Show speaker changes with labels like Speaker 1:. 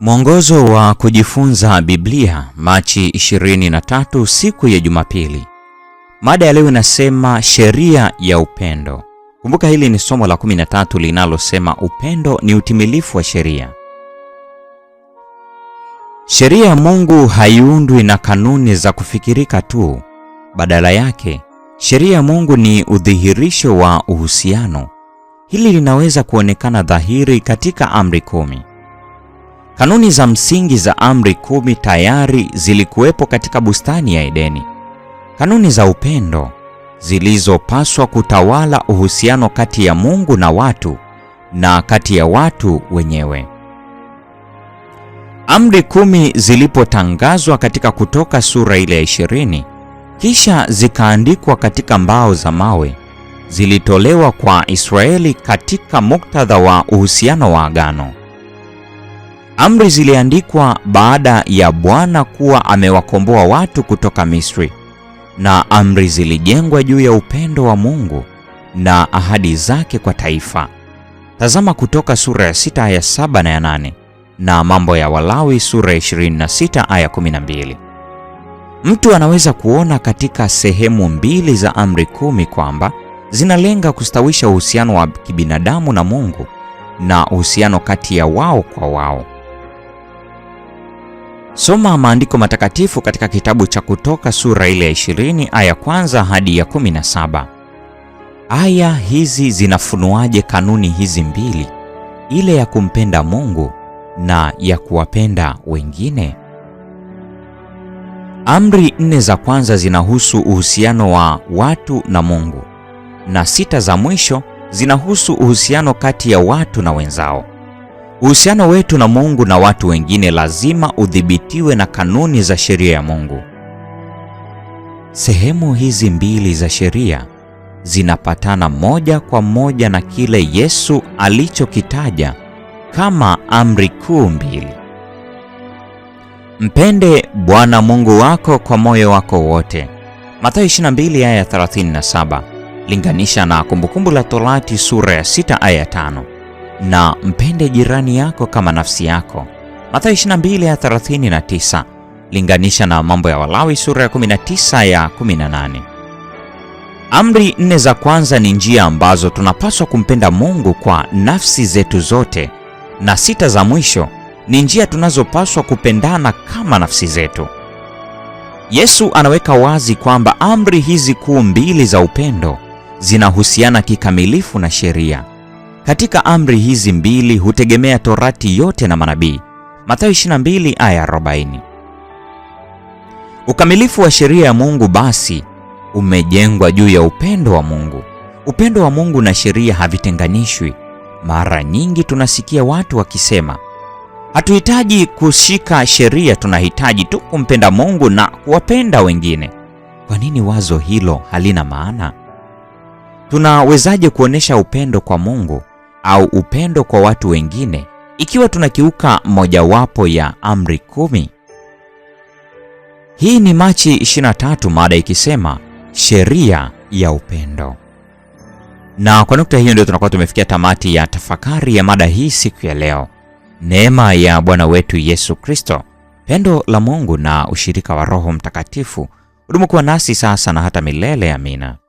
Speaker 1: Mwongozo wa kujifunza Biblia, Machi 23, siku ya Jumapili. Mada ya leo inasema sheria ya upendo. Kumbuka hili ni somo la 13 linalosema upendo ni utimilifu wa sheria. Sheria ya Mungu haiundwi na kanuni za kufikirika tu. Badala yake, sheria ya Mungu ni udhihirisho wa uhusiano. Hili linaweza kuonekana dhahiri katika amri kumi. Kanuni za msingi za amri kumi tayari zilikuwepo katika bustani ya Edeni. Kanuni za upendo zilizopaswa kutawala uhusiano kati ya Mungu na watu na kati ya watu wenyewe. Amri kumi zilipotangazwa katika Kutoka sura ile ya ishirini, kisha zikaandikwa katika mbao za mawe, zilitolewa kwa Israeli katika muktadha wa uhusiano wa agano. Amri ziliandikwa baada ya Bwana kuwa amewakomboa watu kutoka Misri, na amri zilijengwa juu ya upendo wa Mungu na ahadi zake kwa taifa. Tazama Kutoka sura ya 6 aya 7 na ya 8 na Mambo ya Walawi sura ya 26 aya 12. Mtu anaweza kuona katika sehemu mbili za amri kumi kwamba zinalenga kustawisha uhusiano wa kibinadamu na Mungu na uhusiano kati ya wao kwa wao. Soma maandiko matakatifu katika kitabu cha Kutoka sura ile ya 20 aya kwanza hadi ya 17. Aya hizi zinafunuaje kanuni hizi mbili, ile ya kumpenda Mungu na ya kuwapenda wengine? Amri nne za kwanza zinahusu uhusiano wa watu na Mungu na sita za mwisho zinahusu uhusiano kati ya watu na wenzao. Uhusiano wetu na Mungu na watu wengine lazima udhibitiwe na kanuni za sheria ya Mungu. Sehemu hizi mbili za sheria zinapatana moja kwa moja na kile Yesu alichokitaja kama amri kuu mbili: mpende Bwana Mungu wako kwa moyo wako wote, Mathayo 22 aya 37, linganisha na Kumbukumbu la Torati sura ya 6 aya 5 na mpende jirani yako kama nafsi yako. Mathayo 22:39 linganisha na mambo ya Walawi sura ya 19 ya 18. Amri nne za kwanza ni njia ambazo tunapaswa kumpenda Mungu kwa nafsi zetu zote, na sita za mwisho ni njia tunazopaswa kupendana kama nafsi zetu. Yesu anaweka wazi kwamba amri hizi kuu mbili za upendo zinahusiana kikamilifu na sheria. Katika amri hizi mbili hutegemea Torati yote na manabii. Mathayo 22 aya 40. Ukamilifu wa sheria ya Mungu basi umejengwa juu ya upendo wa Mungu. Upendo wa Mungu na sheria havitenganishwi. Mara nyingi tunasikia watu wakisema, hatuhitaji kushika sheria, tunahitaji tu kumpenda Mungu na kuwapenda wengine. Kwa nini wazo hilo halina maana? Tunawezaje kuonesha upendo kwa Mungu au upendo kwa watu wengine ikiwa tunakiuka mojawapo ya amri kumi. Hii ni Machi 23, mada ikisema sheria ya upendo. Na kwa nukta hiyo ndio tunakuwa tumefikia tamati ya tafakari ya mada hii siku ya leo. Neema ya Bwana wetu Yesu Kristo, pendo la Mungu na ushirika wa Roho Mtakatifu udumu kuwa nasi sasa na hata milele. Amina.